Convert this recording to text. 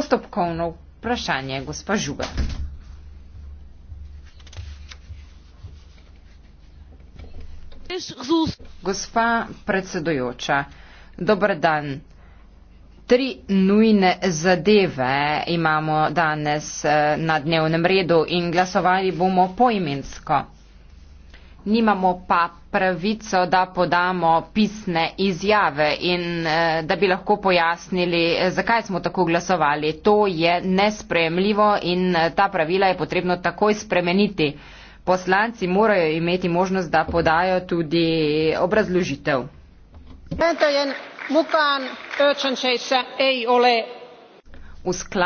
Postopkovno vprašanje, gospa Žuga. Gospa predsedojoča, dobr dan. Tri nujne zadeve imamo danes eh, na dnevnem redu in glasovali bomo poimensko nimamo pa pravico, da podamo pisne izjave in eh, da bi lahko pojasnili, eh, zakaj smo tako glasovali. To je nespremljivo in eh, ta pravila je potrebno takoj spremeniti. Poslanci morajo imeti možnost, da podajo tudi obrazložitev. V skladu